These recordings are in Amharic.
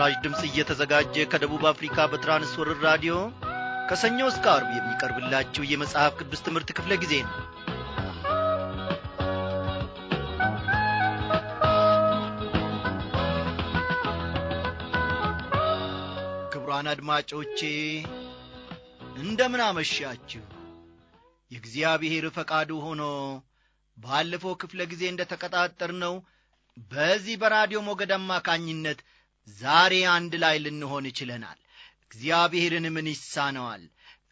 ለምስራች ድምፅ እየተዘጋጀ ከደቡብ አፍሪካ በትራንስወርር ራዲዮ ከሰኞ እስከ አርብ የሚቀርብላችሁ የመጽሐፍ ቅዱስ ትምህርት ክፍለ ጊዜ ነው ክቡራን አድማጮቼ እንደምን አመሻችሁ የእግዚአብሔር ፈቃዱ ሆኖ ባለፈው ክፍለ ጊዜ እንደ ተቀጣጠር ነው በዚህ በራዲዮ ሞገድ አማካኝነት ዛሬ አንድ ላይ ልንሆን ችለናል። እግዚአብሔርን ምን ይሳነዋል?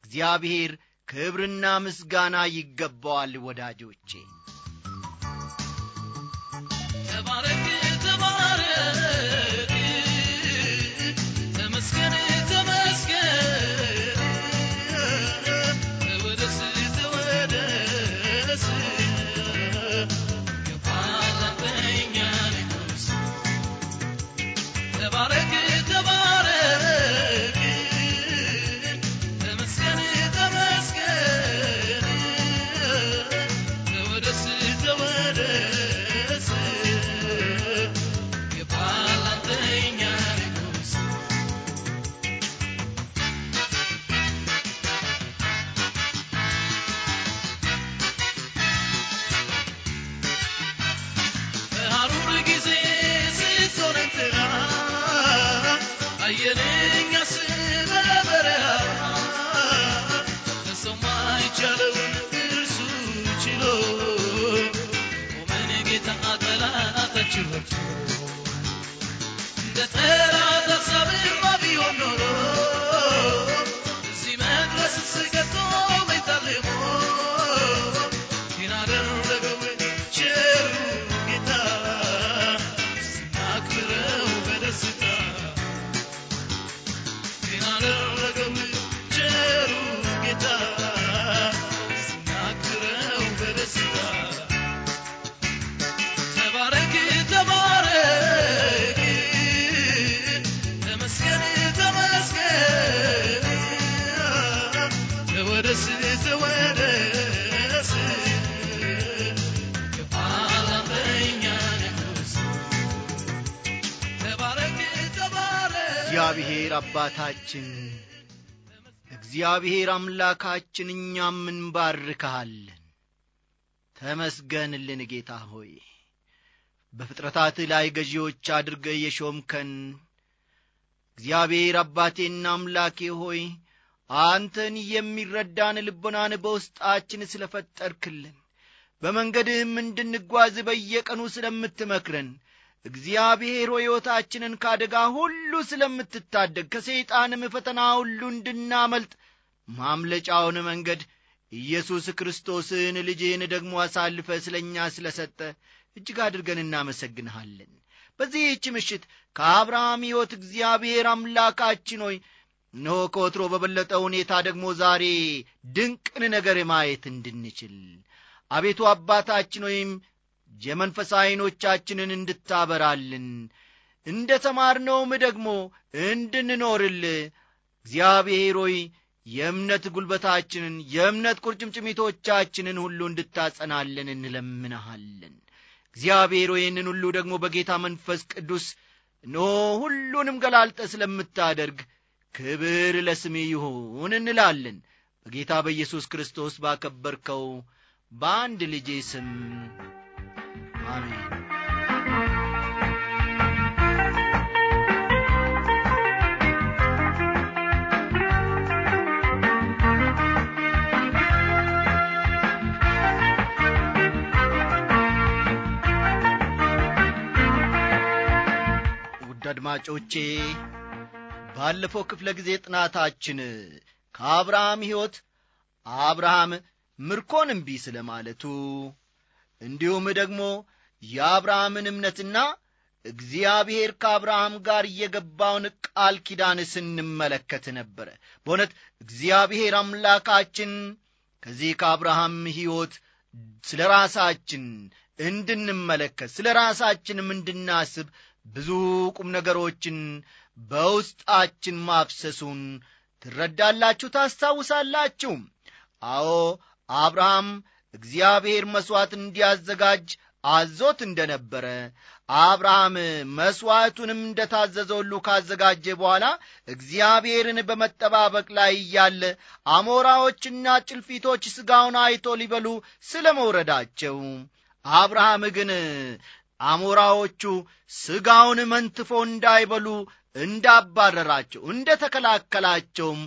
እግዚአብሔር ክብርና ምስጋና ይገባዋል። ወዳጆቼ ተባረክ። እግዚአብሔር አባታችን እግዚአብሔር አምላካችን እኛም እንባርክሃለን ተመስገንልን ጌታ ሆይ በፍጥረታት ላይ ገዢዎች አድርገ የሾምከን እግዚአብሔር አባቴና አምላኬ ሆይ አንተን የሚረዳን ልቦናን በውስጣችን ስለ ፈጠርክልን በመንገድህም እንድንጓዝ በየቀኑ ስለምትመክረን እግዚአብሔር ሕይወታችንን ካደጋ ሁሉ ስለምትታደግ ከሰይጣንም ፈተና ሁሉ እንድናመልጥ ማምለጫውን መንገድ ኢየሱስ ክርስቶስን ልጅህን ደግሞ አሳልፈ ስለ እኛ ስለ ሰጠ እጅግ አድርገን እናመሰግንሃለን። በዚህች ምሽት ከአብርሃም ሕይወት እግዚአብሔር አምላካችን ሆይ እነሆ ከወትሮ በበለጠ ሁኔታ ደግሞ ዛሬ ድንቅን ነገር ማየት እንድንችል አቤቱ አባታችን ወይም የመንፈስ ዐይኖቻችንን እንድታበራልን እንደ ተማርነውም ደግሞ እንድንኖርል እግዚአብሔር ሆይ የእምነት ጒልበታችንን የእምነት ቁርጭምጭሚቶቻችንን ሁሉ እንድታጸናልን እንለምንሃለን እግዚአብሔር ይህንን ሁሉ ደግሞ በጌታ መንፈስ ቅዱስ ኖ ሁሉንም ገላልጠ ስለምታደርግ ክብር ለስሜ ይሁን እንላለን በጌታ በኢየሱስ ክርስቶስ ባከበርከው በአንድ ልጄ ስም አድማጮቼ ባለፈው ክፍለ ጊዜ ጥናታችን ከአብርሃም ሕይወት አብርሃም ምርኮን እምቢ ስለ ማለቱ እንዲሁም ደግሞ የአብርሃምን እምነትና እግዚአብሔር ከአብርሃም ጋር የገባውን ቃል ኪዳን ስንመለከት ነበረ። በእውነት እግዚአብሔር አምላካችን ከዚህ ከአብርሃም ሕይወት ስለ ራሳችን እንድንመለከት ስለ ራሳችንም እንድናስብ ብዙ ቁም ነገሮችን በውስጣችን ማፍሰሱን ትረዳላችሁ፣ ታስታውሳላችሁ አዎ አብርሃም እግዚአብሔር መሥዋዕት እንዲያዘጋጅ አዞት እንደነበረ አብርሃም መሥዋዕቱንም እንደ ታዘዘው ሁሉ ካዘጋጀ በኋላ እግዚአብሔርን በመጠባበቅ ላይ እያለ አሞራዎችና ጭልፊቶች ሥጋውን አይቶ ሊበሉ ስለ መውረዳቸው አብርሃም ግን አሞራዎቹ ሥጋውን መንትፎ እንዳይበሉ እንዳባረራቸው እንደ ተከላከላቸውም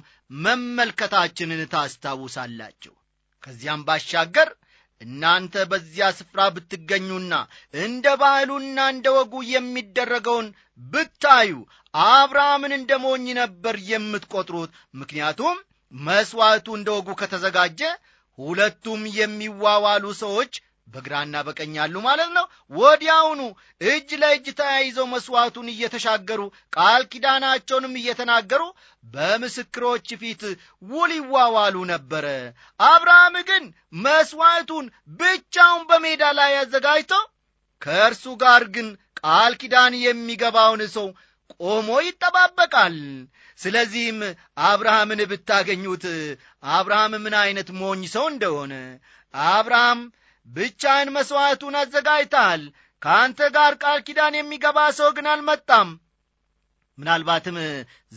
መመልከታችንን ታስታውሳላቸው። ከዚያም ባሻገር እናንተ በዚያ ስፍራ ብትገኙና እንደ ባህሉና እንደ ወጉ የሚደረገውን ብታዩ አብርሃምን እንደ ሞኝ ነበር የምትቈጥሩት። ምክንያቱም መሥዋዕቱ እንደ ወጉ ከተዘጋጀ ሁለቱም የሚዋዋሉ ሰዎች በግራና በቀኝ ያሉ ማለት ነው ወዲያውኑ እጅ ለእጅ ተያይዘው መሥዋዕቱን እየተሻገሩ ቃል ኪዳናቸውንም እየተናገሩ በምስክሮች ፊት ውል ይዋዋሉ ነበረ አብርሃም ግን መሥዋዕቱን ብቻውን በሜዳ ላይ አዘጋጅቶ ከእርሱ ጋር ግን ቃል ኪዳን የሚገባውን ሰው ቆሞ ይጠባበቃል ስለዚህም አብርሃምን ብታገኙት አብርሃም ምን ዐይነት ሞኝ ሰው እንደሆነ አብርሃም ብቻህን መሥዋዕቱን አዘጋጅተሃል ከአንተ ጋር ቃል ኪዳን የሚገባ ሰው ግን አልመጣም ምናልባትም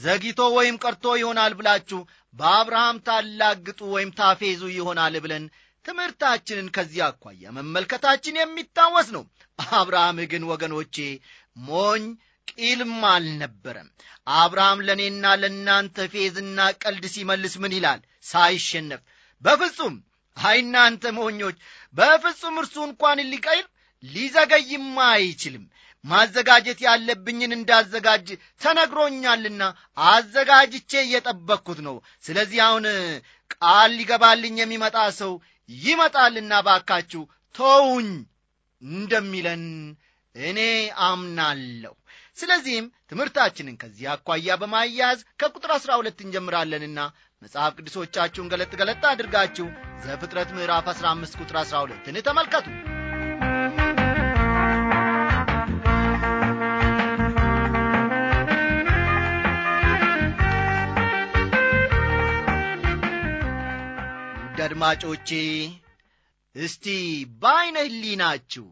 ዘግይቶ ወይም ቀርቶ ይሆናል ብላችሁ በአብርሃም ታላግጡ ወይም ታፌዙ ይሆናል ብለን ትምህርታችንን ከዚህ አኳያ መመልከታችን የሚታወስ ነው አብርሃም ግን ወገኖቼ ሞኝ ቂልም አልነበረም አብርሃም ለእኔና ለእናንተ ፌዝና ቀልድ ሲመልስ ምን ይላል ሳይሸነፍ በፍጹም አይናንተ ሞኞች በፍጹም እርሱ እንኳን ሊቀይር ሊዘገይም አይችልም። ማዘጋጀት ያለብኝን እንዳዘጋጅ ተነግሮኛልና አዘጋጅቼ እየጠበቅኩት ነው። ስለዚህ አሁን ቃል ሊገባልኝ የሚመጣ ሰው ይመጣልና ባካችሁ ተውኝ እንደሚለን እኔ አምናለሁ። ስለዚህም ትምህርታችንን ከዚህ አኳያ በማያያዝ ከቁጥር አሥራ ሁለት እንጀምራለንና መጽሐፍ ቅዱሶቻችሁን ገለጥ ገለጥ አድርጋችሁ ዘፍጥረት ምዕራፍ 15 ቁጥር 12ን ተመልከቱ አድማጮቼ እስቲ በዐይነ ናችሁ።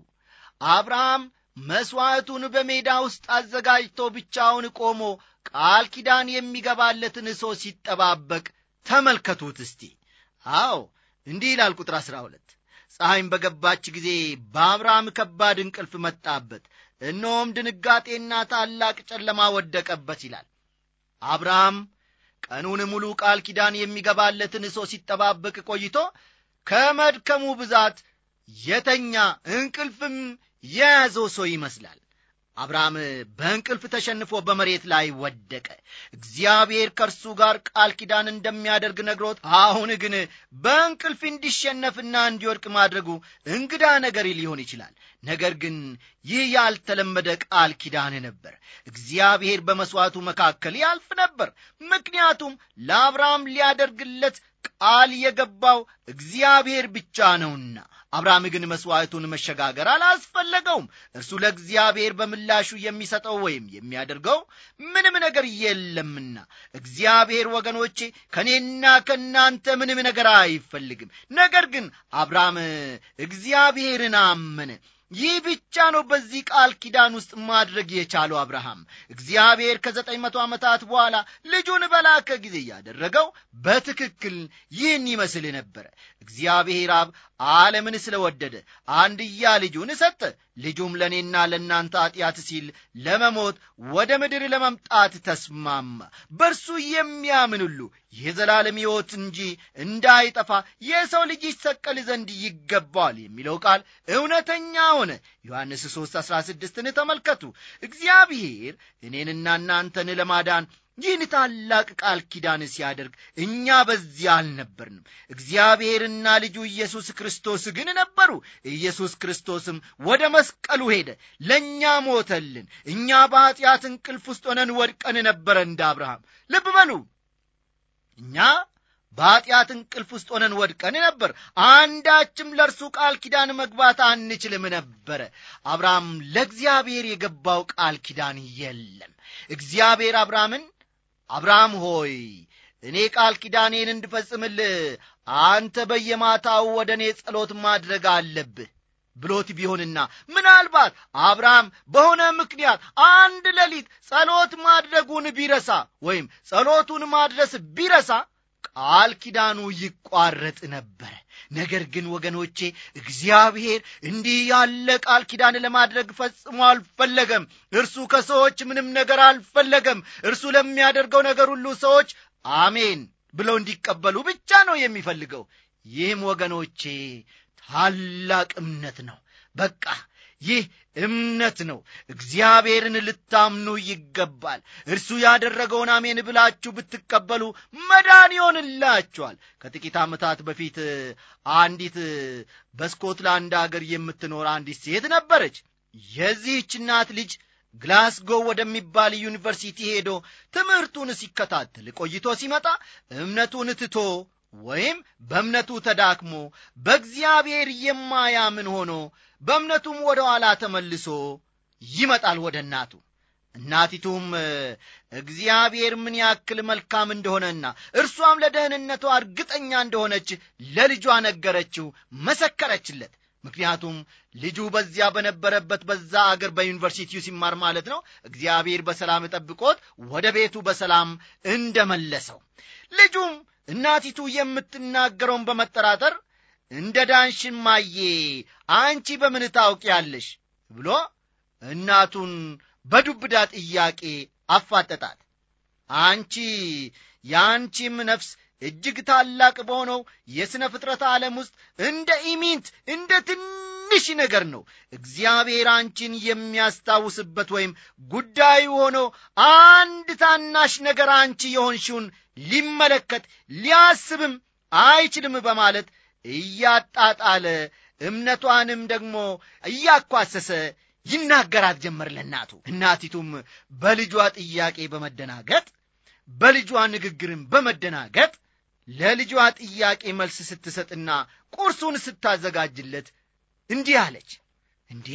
አብርሃም መሥዋዕቱን በሜዳ ውስጥ አዘጋጅቶ ብቻውን ቆሞ ቃል ኪዳን የሚገባለትን ሰው ሲጠባበቅ ተመልከቱት እስቲ። አዎ እንዲህ ይላል ቁጥር ሁለት ፀሐይም በገባች ጊዜ በአብርሃም ከባድ እንቅልፍ መጣበት፣ እነሆም ድንጋጤና ታላቅ ጨለማ ወደቀበት ይላል። አብርሃም ቀኑን ሙሉ ቃል ኪዳን የሚገባለትን ሰው ሲጠባበቅ ቆይቶ ከመድከሙ ብዛት የተኛ እንቅልፍም የያዘው ሰው ይመስላል። አብርሃም በእንቅልፍ ተሸንፎ በመሬት ላይ ወደቀ። እግዚአብሔር ከእርሱ ጋር ቃል ኪዳን እንደሚያደርግ ነግሮት፣ አሁን ግን በእንቅልፍ እንዲሸነፍና እንዲወድቅ ማድረጉ እንግዳ ነገር ሊሆን ይችላል። ነገር ግን ይህ ያልተለመደ ቃል ኪዳን ነበር። እግዚአብሔር በመሥዋዕቱ መካከል ያልፍ ነበር። ምክንያቱም ለአብርሃም ሊያደርግለት ቃል የገባው እግዚአብሔር ብቻ ነውና። አብርሃም ግን መሥዋዕቱን መሸጋገር አላስፈለገውም። እርሱ ለእግዚአብሔር በምላሹ የሚሰጠው ወይም የሚያደርገው ምንም ነገር የለምና፣ እግዚአብሔር ወገኖቼ፣ ከእኔና ከእናንተ ምንም ነገር አይፈልግም። ነገር ግን አብርሃም እግዚአብሔርን አመነ። ይህ ብቻ ነው በዚህ ቃል ኪዳን ውስጥ ማድረግ የቻለው አብርሃም። እግዚአብሔር ከዘጠኝ መቶ ዓመታት በኋላ ልጁን በላከ ጊዜ ያደረገው በትክክል ይህን ይመስል ነበረ። እግዚአብሔር አብ ዓለምን ስለወደደ አንድያ ልጁን እሰጠ ልጁም ለእኔና ለእናንተ አጢአት ሲል ለመሞት ወደ ምድር ለመምጣት ተስማማ። በእርሱ የሚያምን ሁሉ የዘላለም ሕይወት እንጂ እንዳይጠፋ የሰው ልጅ ይሰቀል ዘንድ ይገባዋል የሚለው ቃል እውነተኛ ሆነ። ዮሐንስ 3 16ን ተመልከቱ። እግዚአብሔር እኔንና እናንተን ለማዳን ይህን ታላቅ ቃል ኪዳን ሲያደርግ እኛ በዚያ አልነበርንም። እግዚአብሔርና ልጁ ኢየሱስ ክርስቶስ ግን ነበሩ። ኢየሱስ ክርስቶስም ወደ መስቀሉ ሄደ፣ ለእኛ ሞተልን። እኛ በኀጢአት እንቅልፍ ውስጥ ሆነን ወድቀን ነበረ እንደ አብርሃም። ልብ በሉ እኛ በኀጢአት እንቅልፍ ውስጥ ሆነን ወድቀን ነበር። አንዳችም ለእርሱ ቃል ኪዳን መግባት አንችልም ነበረ። አብርሃም ለእግዚአብሔር የገባው ቃል ኪዳን የለም። እግዚአብሔር አብርሃምን አብርሃም ሆይ እኔ ቃል ኪዳኔን እንድፈጽምልህ አንተ በየማታው ወደ እኔ ጸሎት ማድረግ አለብህ ብሎት ቢሆንና ምናልባት አብርሃም በሆነ ምክንያት አንድ ሌሊት ጸሎት ማድረጉን ቢረሳ ወይም ጸሎቱን ማድረስ ቢረሳ ቃል ኪዳኑ ይቋረጥ ነበር ነገር ግን ወገኖቼ እግዚአብሔር እንዲህ ያለ ቃል ኪዳን ለማድረግ ፈጽሞ አልፈለገም። እርሱ ከሰዎች ምንም ነገር አልፈለገም። እርሱ ለሚያደርገው ነገር ሁሉ ሰዎች አሜን ብለው እንዲቀበሉ ብቻ ነው የሚፈልገው። ይህም ወገኖቼ ታላቅ እምነት ነው። በቃ ይህ እምነት ነው። እግዚአብሔርን ልታምኑ ይገባል። እርሱ ያደረገውን አሜን ብላችሁ ብትቀበሉ መዳን ይሆንላችኋል። ከጥቂት ዓመታት በፊት አንዲት በስኮትላንድ አገር የምትኖር አንዲት ሴት ነበረች። የዚህች እናት ልጅ ግላስጎ ወደሚባል ዩኒቨርሲቲ ሄዶ ትምህርቱን ሲከታተል ቆይቶ ሲመጣ እምነቱን ትቶ ወይም በእምነቱ ተዳክሞ በእግዚአብሔር የማያምን ሆኖ በእምነቱም ወደ ኋላ ተመልሶ ይመጣል ወደ እናቱ። እናቲቱም እግዚአብሔር ምን ያክል መልካም እንደሆነና እርሷም ለደህንነቱ እርግጠኛ እንደሆነች ለልጇ ነገረችው፣ መሰከረችለት። ምክንያቱም ልጁ በዚያ በነበረበት በዛ አገር በዩኒቨርሲቲው ሲማር ማለት ነው እግዚአብሔር በሰላም ጠብቆት ወደ ቤቱ በሰላም እንደመለሰው ልጁም እናቲቱ የምትናገረውን በመጠራጠር እንደ ዳንሽማዬ አንቺ በምን ታውቂያለሽ ብሎ እናቱን በዱብዳ ጥያቄ አፋጠጣት። አንቺ የአንቺም ነፍስ እጅግ ታላቅ በሆነው የሥነ ፍጥረት ዓለም ውስጥ እንደ ኢሚንት እንደ ትንሽ ነገር ነው እግዚአብሔር አንቺን የሚያስታውስበት ወይም ጉዳዩ ሆኖ አንድ ታናሽ ነገር አንቺ የሆንሽውን ሊመለከት ሊያስብም አይችልም በማለት እያጣጣለ እምነቷንም ደግሞ እያኳሰሰ ይናገራት ጀመር ለእናቱ። እናቲቱም በልጇ ጥያቄ በመደናገጥ በልጇ ንግግርም በመደናገጥ ለልጇ ጥያቄ መልስ ስትሰጥና ቁርሱን ስታዘጋጅለት እንዲህ አለች። እንዴ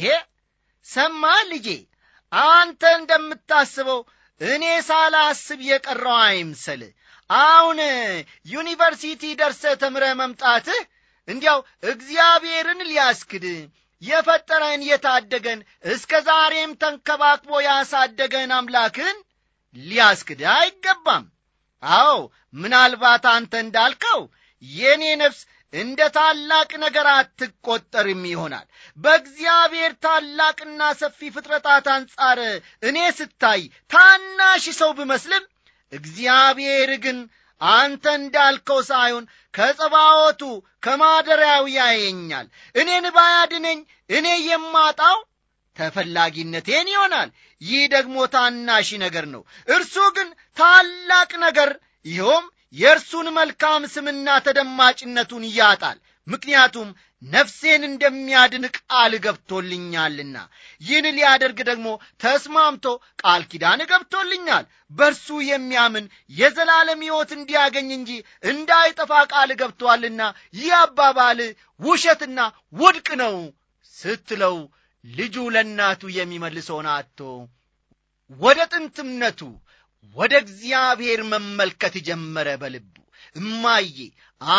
ሰማ ልጄ፣ አንተ እንደምታስበው እኔ ሳላስብ የቀረው አይምሰል። አሁን ዩኒቨርሲቲ ደርሰ ተምረ መምጣትህ እንዲያው እግዚአብሔርን ሊያስክድ የፈጠረን የታደገን እስከ ዛሬም ተንከባክቦ ያሳደገን አምላክን ሊያስክድ አይገባም። አዎ ምናልባት አንተ እንዳልከው የእኔ ነፍስ እንደ ታላቅ ነገር አትቈጠርም ይሆናል። በእግዚአብሔር ታላቅና ሰፊ ፍጥረታት አንጻር እኔ ስታይ ታናሽ ሰው ብመስልም እግዚአብሔር ግን አንተ እንዳልከው ሳይሆን ከጸባወቱ ከማደሪያው ያየኛል። እኔን ባያድነኝ እኔ የማጣው ተፈላጊነቴን ይሆናል። ይህ ደግሞ ታናሽ ነገር ነው። እርሱ ግን ታላቅ ነገር ይኸውም የእርሱን መልካም ስምና ተደማጭነቱን ያጣል። ምክንያቱም ነፍሴን እንደሚያድን ቃል ገብቶልኛልና ይህን ሊያደርግ ደግሞ ተስማምቶ ቃል ኪዳን ገብቶልኛል። በእርሱ የሚያምን የዘላለም ሕይወት እንዲያገኝ እንጂ እንዳይጠፋ ቃል ገብቶአልና ይህ አባባል ውሸትና ውድቅ ነው ስትለው ልጁ ለእናቱ የሚመልሰውን አቶ ወደ ጥንት እምነቱ ወደ እግዚአብሔር መመልከት ጀመረ በልቡ እማዬ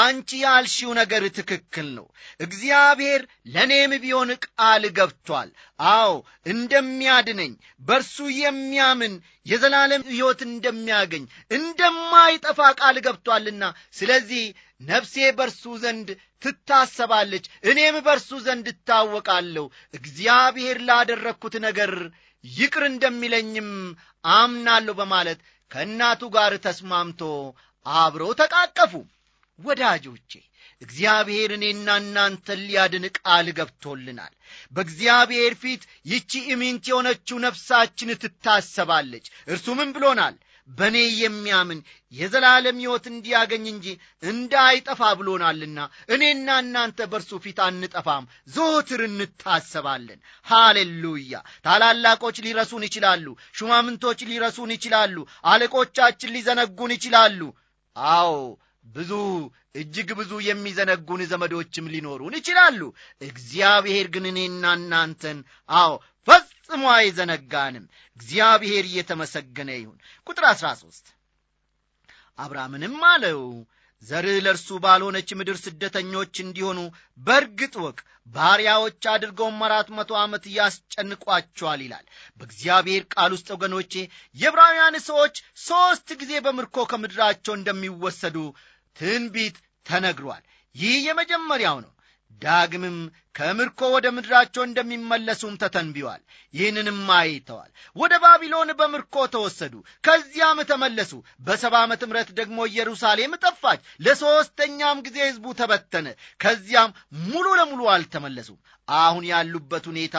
አንቺ ያልሺው ነገር ትክክል ነው። እግዚአብሔር ለእኔም ቢሆን ቃል ገብቷል። አዎ እንደሚያድነኝ፣ በርሱ የሚያምን የዘላለም ሕይወት እንደሚያገኝ እንደማይጠፋ ቃል ገብቷልና ስለዚህ ነፍሴ በርሱ ዘንድ ትታሰባለች፣ እኔም በርሱ ዘንድ እታወቃለሁ። እግዚአብሔር ላደረግኩት ነገር ይቅር እንደሚለኝም አምናለሁ በማለት ከእናቱ ጋር ተስማምቶ አብረው ተቃቀፉ። ወዳጆቼ እግዚአብሔር እኔና እናንተን ሊያድን ቃል ገብቶልናል። በእግዚአብሔር ፊት ይቺ ኢሚንት የሆነችው ነፍሳችን ትታሰባለች። እርሱ ምን ብሎናል? በእኔ የሚያምን የዘላለም ሕይወት እንዲያገኝ እንጂ እንዳይጠፋ ብሎናልና እኔና እናንተ በእርሱ ፊት አንጠፋም፣ ዘወትር እንታሰባለን። ሃሌሉያ! ታላላቆች ሊረሱን ይችላሉ። ሹማምንቶች ሊረሱን ይችላሉ። አለቆቻችን ሊዘነጉን ይችላሉ። አዎ ብዙ እጅግ ብዙ የሚዘነጉን ዘመዶችም ሊኖሩን ይችላሉ እግዚአብሔር ግን እኔና እናንተን አዎ ፈጽሞ አይዘነጋንም እግዚአብሔር እየተመሰገነ ይሁን ቁጥር 13 አብርሃምንም አለው ዘርህ ለእርሱ ባልሆነች ምድር ስደተኞች እንዲሆኑ በእርግጥ ወቅ ባሪያዎች አድርገውም አራት መቶ ዓመት ያስጨንቋቸዋል ይላል በእግዚአብሔር ቃል ውስጥ ወገኖቼ የብራውያን ሰዎች ሦስት ጊዜ በምርኮ ከምድራቸው እንደሚወሰዱ ትንቢት ተነግሯል ይህ የመጀመሪያው ነው ዳግምም ከምርኮ ወደ ምድራቸው እንደሚመለሱም ተተንቢዋል። ይህንንም አይተዋል። ወደ ባቢሎን በምርኮ ተወሰዱ፣ ከዚያም ተመለሱ። በሰባ ዓመተ ምረት ደግሞ ኢየሩሳሌም ጠፋች። ለሦስተኛም ጊዜ ሕዝቡ ተበተነ። ከዚያም ሙሉ ለሙሉ አልተመለሱም። አሁን ያሉበት ሁኔታ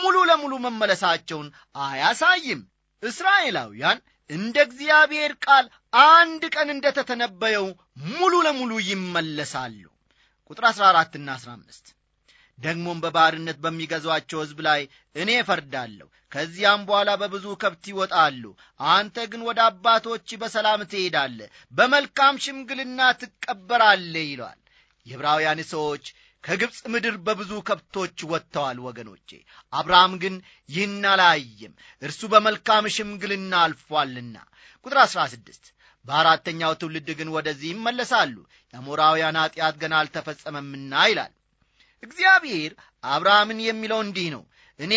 ሙሉ ለሙሉ መመለሳቸውን አያሳይም። እስራኤላውያን እንደ እግዚአብሔር ቃል አንድ ቀን እንደተተነበየው ሙሉ ለሙሉ ይመለሳሉ። ቁጥር 14ና 15 ደግሞም በባርነት በሚገዟቸው ሕዝብ ላይ እኔ እፈርዳለሁ፣ ከዚያም በኋላ በብዙ ከብት ይወጣሉ። አንተ ግን ወደ አባቶች በሰላም ትሄዳለህ፣ በመልካም ሽምግልና ትቀበራለህ ይሏል። የዕብራውያን ሰዎች ከግብፅ ምድር በብዙ ከብቶች ወጥተዋል ወገኖቼ። አብርሃም ግን ይህን አላየም፣ እርሱ በመልካም ሽምግልና አልፏልና። ቁጥር 16 በአራተኛው ትውልድ ግን ወደዚህ ይመለሳሉ የአሞራውያን ኀጢአት ገና አልተፈጸመምና ይላል እግዚአብሔር አብርሃምን የሚለው እንዲህ ነው እኔ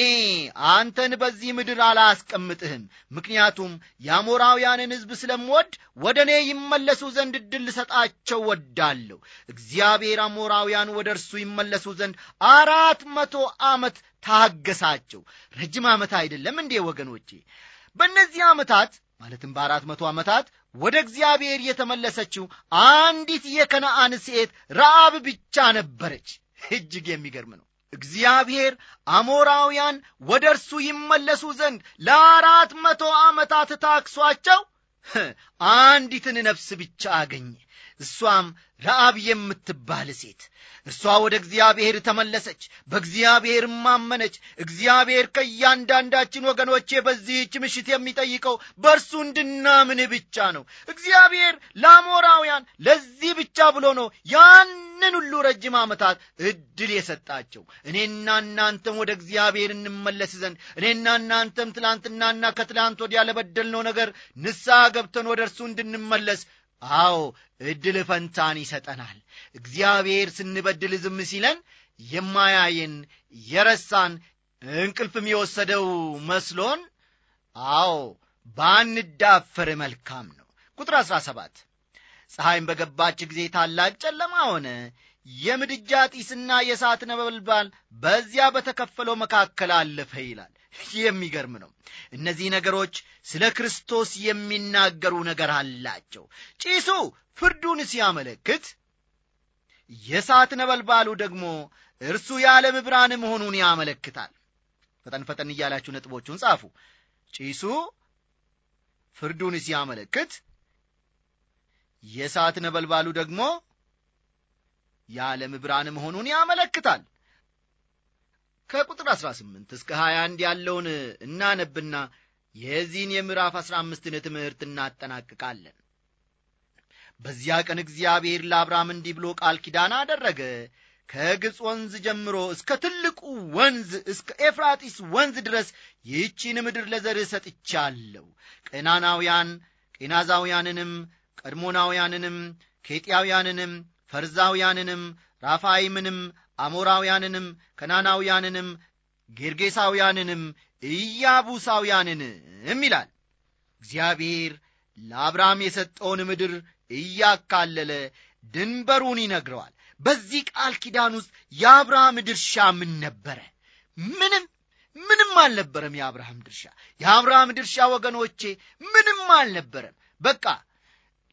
አንተን በዚህ ምድር አላስቀምጥህም ምክንያቱም የአሞራውያንን ሕዝብ ስለምወድ ወደ እኔ ይመለሱ ዘንድ እድል ልሰጣቸው ወዳለሁ እግዚአብሔር አሞራውያን ወደ እርሱ ይመለሱ ዘንድ አራት መቶ ዓመት ታገሳቸው ረጅም ዓመት አይደለም እንዴ ወገኖቼ በእነዚህ ዓመታት ማለትም በአራት መቶ ዓመታት ወደ እግዚአብሔር የተመለሰችው አንዲት የከነአን ሴት ረአብ ብቻ ነበረች። እጅግ የሚገርም ነው። እግዚአብሔር አሞራውያን ወደ እርሱ ይመለሱ ዘንድ ለአራት መቶ ዓመታት ታክሷቸው አንዲትን ነፍስ ብቻ አገኘ። እሷም ረአብ የምትባል ሴት እርሷ ወደ እግዚአብሔር ተመለሰች፣ በእግዚአብሔር ማመነች። እግዚአብሔር ከእያንዳንዳችን ወገኖቼ በዚህች ምሽት የሚጠይቀው በእርሱ እንድናምን ብቻ ነው። እግዚአብሔር ለአሞራውያን ለዚህ ብቻ ብሎ ነው ያንን ሁሉ ረጅም ዓመታት እድል የሰጣቸው። እኔና እናንተም ወደ እግዚአብሔር እንመለስ ዘንድ እኔና እናንተም ትላንትናና ከትላንት ወዲያ ለበደልነው ነገር ንስሐ ገብተን ወደ እርሱ እንድንመለስ አዎ ዕድል ፈንታን ይሰጠናል። እግዚአብሔር ስንበድል ዝም ሲለን የማያየን የረሳን እንቅልፍም የወሰደው መስሎን፣ አዎ ባንዳፈር መልካም ነው። ቁጥር 17 ፀሐይም በገባች ጊዜ ታላቅ ጨለማ ሆነ፣ የምድጃ ጢስና የእሳት ነበልባል በዚያ በተከፈለው መካከል አለፈ ይላል። የሚገርም ነው እነዚህ ነገሮች ስለ ክርስቶስ የሚናገሩ ነገር አላቸው ጭሱ ፍርዱን ሲያመለክት የእሳት ነበልባሉ ደግሞ እርሱ የዓለም ብርሃን መሆኑን ያመለክታል ፈጠን ፈጠን እያላችሁ ነጥቦቹን ጻፉ ጭሱ ፍርዱን ሲያመለክት የእሳት ነበልባሉ ደግሞ የዓለም ብርሃን መሆኑን ያመለክታል ከቁጥር 18 እስከ 21 ያለውን እናነብና የዚህን የምዕራፍ 15ን ትምህርት እናጠናቅቃለን። በዚያ ቀን እግዚአብሔር ለአብርሃም እንዲህ ብሎ ቃል ኪዳን አደረገ። ከግብፅ ወንዝ ጀምሮ እስከ ትልቁ ወንዝ እስከ ኤፍራጢስ ወንዝ ድረስ ይህቺን ምድር ለዘርህ ሰጥቻለሁ። ቅናናውያን፣ ቄናዛውያንንም፣ ቀድሞናውያንንም፣ ኬጢያውያንንም፣ ፈርዛውያንንም፣ ራፋይምንም አሞራውያንንም ከናናውያንንም ጌርጌሳውያንንም ኢያቡሳውያንንም ይላል እግዚአብሔር ለአብርሃም የሰጠውን ምድር እያካለለ ድንበሩን ይነግረዋል በዚህ ቃል ኪዳን ውስጥ የአብርሃም ድርሻ ምን ነበረ ምንም ምንም አልነበረም የአብርሃም ድርሻ የአብርሃም ድርሻ ወገኖቼ ምንም አልነበረም በቃ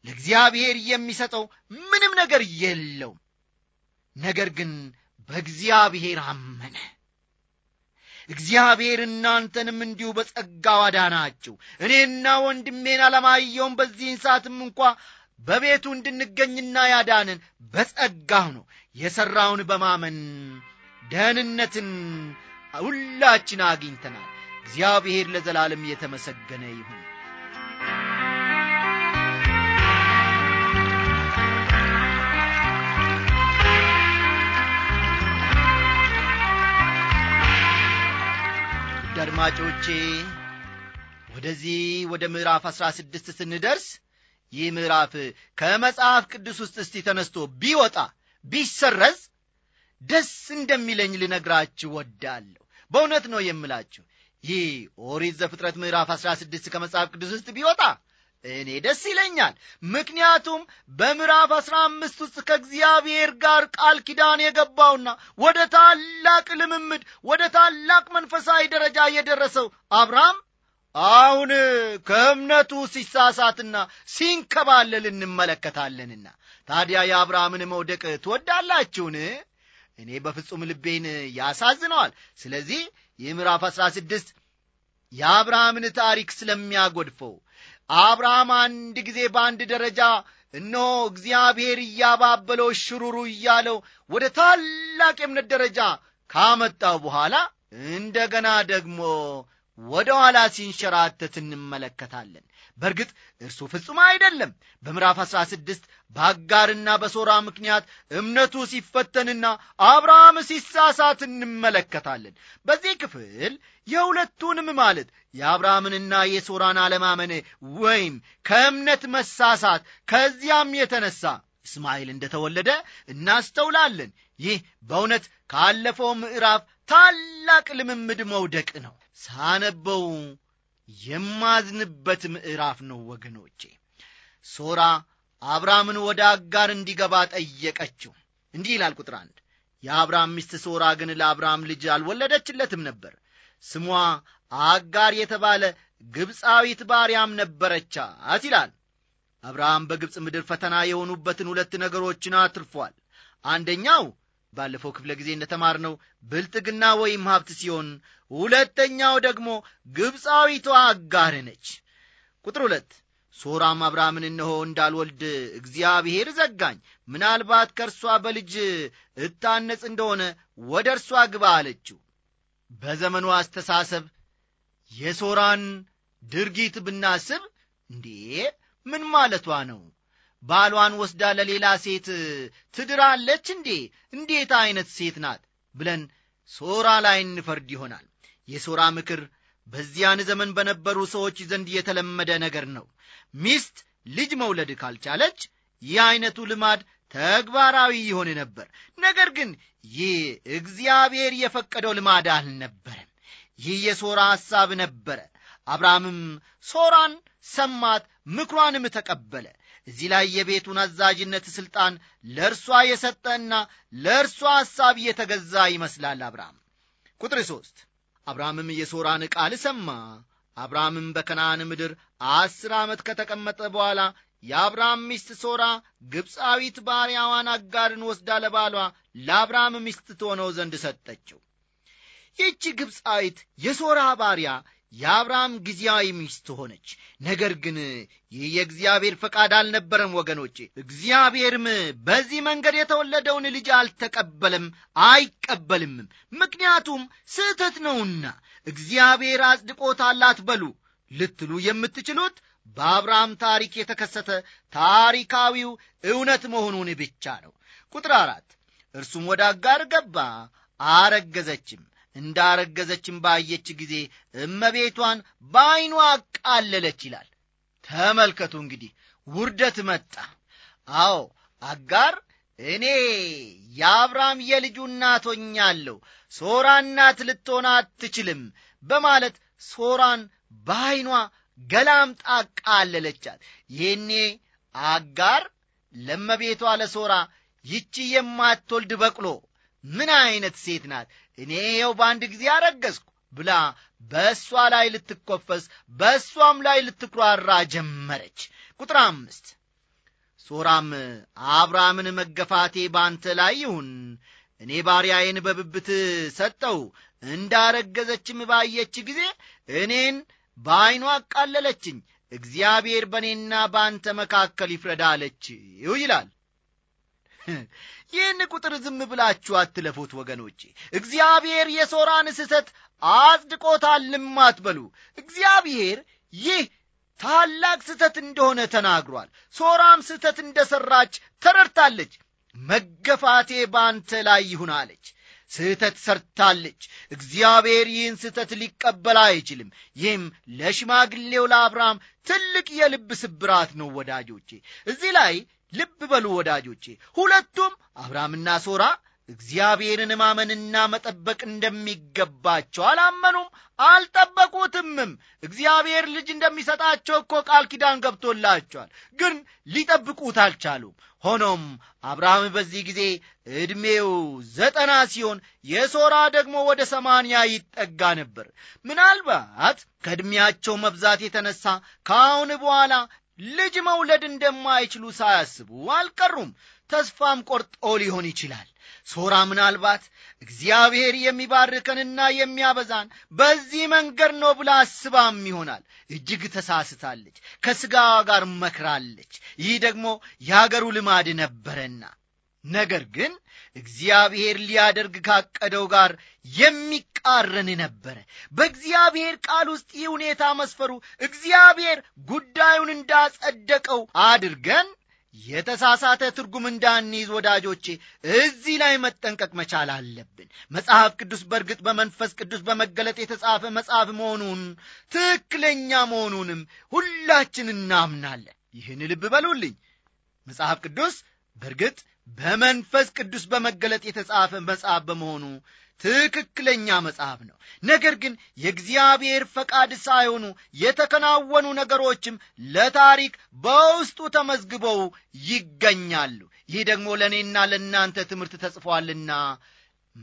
ለእግዚአብሔር የሚሰጠው ምንም ነገር የለውም ነገር ግን በእግዚአብሔር አመነ። እግዚአብሔር እናንተንም እንዲሁ በጸጋው አዳናችሁ። እኔና ወንድሜን አለማየውም በዚህን ሰዓትም እንኳ በቤቱ እንድንገኝና ያዳንን በጸጋው ነው። የሠራውን በማመን ደህንነትን ሁላችን አግኝተናል። እግዚአብሔር ለዘላለም የተመሰገነ ይሁን። አድማጮቼ ወደዚህ ወደ ምዕራፍ አሥራ ስድስት ስንደርስ ይህ ምዕራፍ ከመጽሐፍ ቅዱስ ውስጥ እስቲ ተነስቶ ቢወጣ ቢሰረዝ ደስ እንደሚለኝ ልነግራችሁ ወዳለሁ። በእውነት ነው የምላችሁ። ይህ ኦሪት ዘፍጥረት ምዕራፍ 16 ከመጽሐፍ ቅዱስ ውስጥ ቢወጣ እኔ ደስ ይለኛል። ምክንያቱም በምዕራፍ አስራ አምስት ውስጥ ከእግዚአብሔር ጋር ቃል ኪዳን የገባውና ወደ ታላቅ ልምምድ ወደ ታላቅ መንፈሳዊ ደረጃ የደረሰው አብርሃም አሁን ከእምነቱ ሲሳሳትና ሲንከባለል እንመለከታለንና ታዲያ የአብርሃምን መውደቅ ትወዳላችሁን? እኔ በፍጹም ልቤን ያሳዝነዋል። ስለዚህ ይህ ምዕራፍ አስራ ስድስት የአብርሃምን ታሪክ ስለሚያጎድፈው አብርሃም አንድ ጊዜ በአንድ ደረጃ እነሆ እግዚአብሔር እያባበለው ሽሩሩ እያለው ወደ ታላቅ የእምነት ደረጃ ካመጣው በኋላ እንደገና ደግሞ ወደ ኋላ ሲንሸራተት እንመለከታለን። በእርግጥ እርሱ ፍጹም አይደለም። በምዕራፍ 16 በአጋርና በሶራ ምክንያት እምነቱ ሲፈተንና አብርሃም ሲሳሳት እንመለከታለን። በዚህ ክፍል የሁለቱንም ማለት የአብርሃምንና የሶራን አለማመን ወይም ከእምነት መሳሳት ከዚያም የተነሳ እስማኤል እንደተወለደ እናስተውላለን። ይህ በእውነት ካለፈው ምዕራፍ ታላቅ ልምምድ መውደቅ ነው። ሳነበው የማዝንበት ምዕራፍ ነው ወገኖቼ ሶራ አብርሃምን ወደ አጋር እንዲገባ ጠየቀችው እንዲህ ይላል ቁጥር አንድ የአብርሃም ሚስት ሶራ ግን ለአብርሃም ልጅ አልወለደችለትም ነበር ስሟ አጋር የተባለ ግብፃዊት ባሪያም ነበረቻት ይላል አብርሃም በግብፅ ምድር ፈተና የሆኑበትን ሁለት ነገሮችን አትርፏል አንደኛው ባለፈው ክፍለ ጊዜ እንደተማርነው ብልጥግና ወይም ሀብት ሲሆን ሁለተኛው ደግሞ ግብፃዊቷ አጋር ነች ቁጥር ሁለት ሶራም አብርሃምን እነሆ እንዳልወልድ እግዚአብሔር ዘጋኝ፣ ምናልባት ከእርሷ በልጅ እታነጽ እንደሆነ ወደ እርሷ ግባ አለችው። በዘመኑ አስተሳሰብ የሶራን ድርጊት ብናስብ እንዴ ምን ማለቷ ነው? ባሏን ወስዳ ለሌላ ሴት ትድራለች እንዴ? እንዴት አይነት ሴት ናት? ብለን ሶራ ላይ እንፈርድ ይሆናል። የሶራ ምክር በዚያን ዘመን በነበሩ ሰዎች ዘንድ የተለመደ ነገር ነው። ሚስት ልጅ መውለድ ካልቻለች ይህ ዐይነቱ ልማድ ተግባራዊ ይሆን ነበር። ነገር ግን ይህ እግዚአብሔር የፈቀደው ልማድ አልነበረም። ይህ የሶራ ሐሳብ ነበረ። አብርሃምም ሶራን ሰማት፣ ምክሯንም ተቀበለ። እዚህ ላይ የቤቱን አዛዥነት ሥልጣን ለእርሷ የሰጠና ለእርሷ ሐሳብ የተገዛ ይመስላል አብርሃም ቁጥር ሦስት አብርሃምም የሶራን ቃል ሰማ። አብርሃምም በከነዓን ምድር አስር ዓመት ከተቀመጠ በኋላ የአብርሃም ሚስት ሶራ ግብፃዊት ባሪያዋን አጋርን ወስዳ ለባሏ ለአብርሃም ሚስት ትሆነው ዘንድ ሰጠችው። ይቺ ግብፃዊት የሶራ ባሪያ የአብርሃም ጊዜያዊ ሚስት ሆነች። ነገር ግን ይህ የእግዚአብሔር ፈቃድ አልነበረም። ወገኖቼ እግዚአብሔርም በዚህ መንገድ የተወለደውን ልጅ አልተቀበለም፣ አይቀበልምም። ምክንያቱም ስህተት ነውና እግዚአብሔር አጽድቆታል አትበሉ ልትሉ የምትችሉት በአብርሃም ታሪክ የተከሰተ ታሪካዊው እውነት መሆኑን ብቻ ነው። ቁጥር አራት እርሱም ወደ አጋር ገባ አረገዘችም እንዳረገዘችን ባየች ጊዜ እመቤቷን በዐይኑ አቃለለች ይላል። ተመልከቱ እንግዲህ ውርደት መጣ። አዎ አጋር እኔ የአብርሃም የልጁ እናት ሆኛለሁ፣ ሶራ እናት ልትሆን አትችልም በማለት ሶራን በዐይኗ ገላምጣ አቃለለቻት። ይህኔ አጋር ለመቤቷ ለሶራ ይቺ የማትወልድ በቅሎ ምን አይነት ሴት ናት እኔ የው በአንድ ጊዜ አረገዝኩ ብላ በእሷ ላይ ልትኮፈስ በእሷም ላይ ልትኩራራ ጀመረች ቁጥር አምስት ሶራም አብርሃምን መገፋቴ በአንተ ላይ ይሁን እኔ ባሪያዬን በብብት ሰጠው እንዳረገዘችም ባየች ጊዜ እኔን በዐይኑ አቃለለችኝ እግዚአብሔር በእኔና በአንተ መካከል ይፍረዳለችው ይላል ይህን ቁጥር ዝም ብላችሁ አትለፉት ወገኖቼ። እግዚአብሔር የሶራን ስህተት አጽድቆታልም አትበሉ። እግዚአብሔር ይህ ታላቅ ስህተት እንደሆነ ተናግሯል። ሶራም ስህተት እንደ ሠራች ተረድታለች። መገፋቴ በአንተ ላይ ይሁን አለች። ስህተት ሰርታለች። እግዚአብሔር ይህን ስህተት ሊቀበል አይችልም። ይህም ለሽማግሌው ለአብርሃም ትልቅ የልብ ስብራት ነው። ወዳጆቼ እዚህ ላይ ልብ በሉ ወዳጆቼ፣ ሁለቱም አብርሃምና ሶራ እግዚአብሔርን ማመንና መጠበቅ እንደሚገባቸው አላመኑም፣ አልጠበቁትምም። እግዚአብሔር ልጅ እንደሚሰጣቸው እኮ ቃል ኪዳን ገብቶላቸዋል፣ ግን ሊጠብቁት አልቻሉም። ሆኖም አብርሃም በዚህ ጊዜ ዕድሜው ዘጠና ሲሆን የሶራ ደግሞ ወደ ሰማንያ ይጠጋ ነበር። ምናልባት ከዕድሜያቸው መብዛት የተነሳ ከአሁን በኋላ ልጅ መውለድ እንደማይችሉ ሳያስቡ አልቀሩም። ተስፋም ቆርጦ ሊሆን ይችላል። ሶራ ምናልባት እግዚአብሔር የሚባርከንና የሚያበዛን በዚህ መንገድ ነው ብላ አስባም ይሆናል። እጅግ ተሳስታለች፣ ከሥጋ ጋር መክራለች። ይህ ደግሞ የአገሩ ልማድ ነበረና ነገር ግን እግዚአብሔር ሊያደርግ ካቀደው ጋር የሚቃረን ነበረ። በእግዚአብሔር ቃል ውስጥ ይህ ሁኔታ መስፈሩ እግዚአብሔር ጉዳዩን እንዳጸደቀው አድርገን የተሳሳተ ትርጉም እንዳንይዝ ወዳጆቼ እዚህ ላይ መጠንቀቅ መቻል አለብን። መጽሐፍ ቅዱስ በእርግጥ በመንፈስ ቅዱስ በመገለጥ የተጻፈ መጽሐፍ መሆኑን ትክክለኛ መሆኑንም ሁላችን እናምናለን። ይህን ልብ በሉልኝ። መጽሐፍ ቅዱስ በእርግጥ በመንፈስ ቅዱስ በመገለጥ የተጻፈ መጽሐፍ በመሆኑ ትክክለኛ መጽሐፍ ነው። ነገር ግን የእግዚአብሔር ፈቃድ ሳይሆኑ የተከናወኑ ነገሮችም ለታሪክ በውስጡ ተመዝግበው ይገኛሉ። ይህ ደግሞ ለእኔና ለእናንተ ትምህርት ተጽፏልና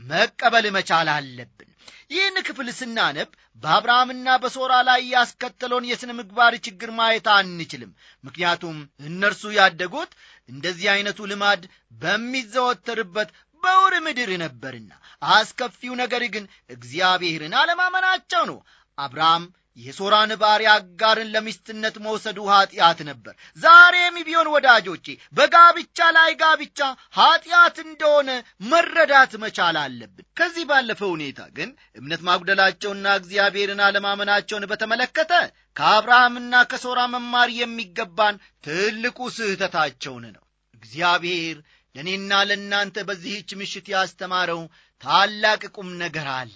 መቀበል መቻል አለብን። ይህን ክፍል ስናነብ በአብርሃምና በሶራ ላይ ያስከተለውን የሥነ ምግባር ችግር ማየት አንችልም። ምክንያቱም እነርሱ ያደጉት እንደዚህ አይነቱ ልማድ በሚዘወተርበት በውር ምድር ነበርና፣ አስከፊው ነገር ግን እግዚአብሔርን አለማመናቸው ነው። አብርሃም የሶራን ባሪያ አጋርን ለሚስትነት መውሰዱ ኀጢአት ነበር። ዛሬም ቢሆን ወዳጆቼ በጋብቻ ላይ ጋብቻ ኀጢአት እንደሆነ መረዳት መቻል አለብን። ከዚህ ባለፈ ሁኔታ ግን እምነት ማጉደላቸውና እግዚአብሔርን አለማመናቸውን በተመለከተ ከአብርሃምና ከሶራ መማር የሚገባን ትልቁ ስህተታቸውን ነው። እግዚአብሔር ለእኔና ለእናንተ በዚህች ምሽት ያስተማረው ታላቅ ቁም ነገር አለ።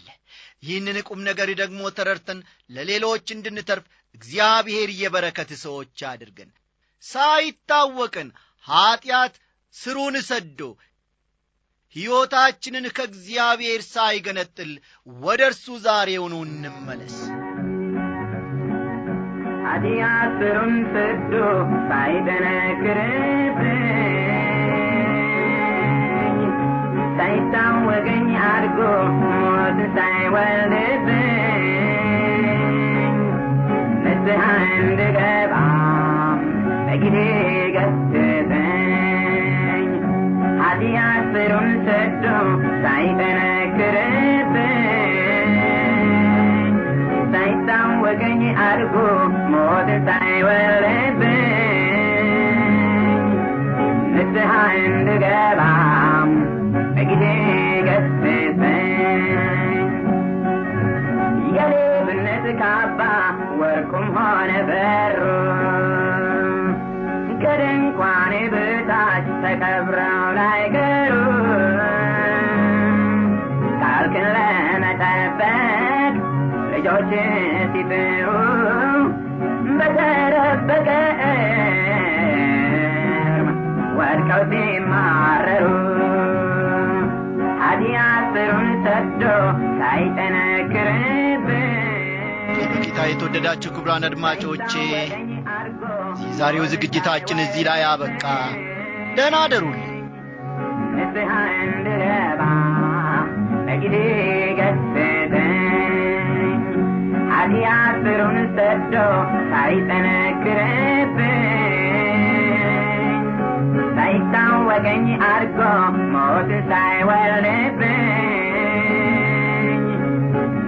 ይህንን ቁም ነገር ደግሞ ተረድተን ለሌሎች እንድንተርፍ እግዚአብሔር የበረከት ሰዎች አድርገን ሳይታወቅን ኀጢአት ስሩን ሰዶ ሕይወታችንን ከእግዚአብሔር ሳይገነጥል ወደ እርሱ ዛሬውኑ እንመለስ ኀጢአት ስሩን ሰዶ ሳይጠነክርብን ወገኝ አድጎ ሞት ሳይወልድብኝ ንስሐ እንድገባ በጊዜ ገሰጸኝ ኃጢአት ስሩን ሰዶ ሳይጠነክርብኝ ሳይታወቀኝ አድጎ ሞት ሳይወልድብኝ ንስሐ እንድገባ ካባ ወርቁም ሆነ በሩ ከድንኳኔ በታች ተከብረው ላይ ለመጠበቅ ልጆች ሲፍሩ የተወደዳችሁ ክቡራን አድማጮቼ የዛሬው ዝግጅታችን እዚህ ላይ አበቃ ደህና አደሩልን ንስሐ እንድረባ በጊዜ አድርጎ ሳይወልብኝ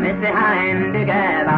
ንስሐ እንድገባ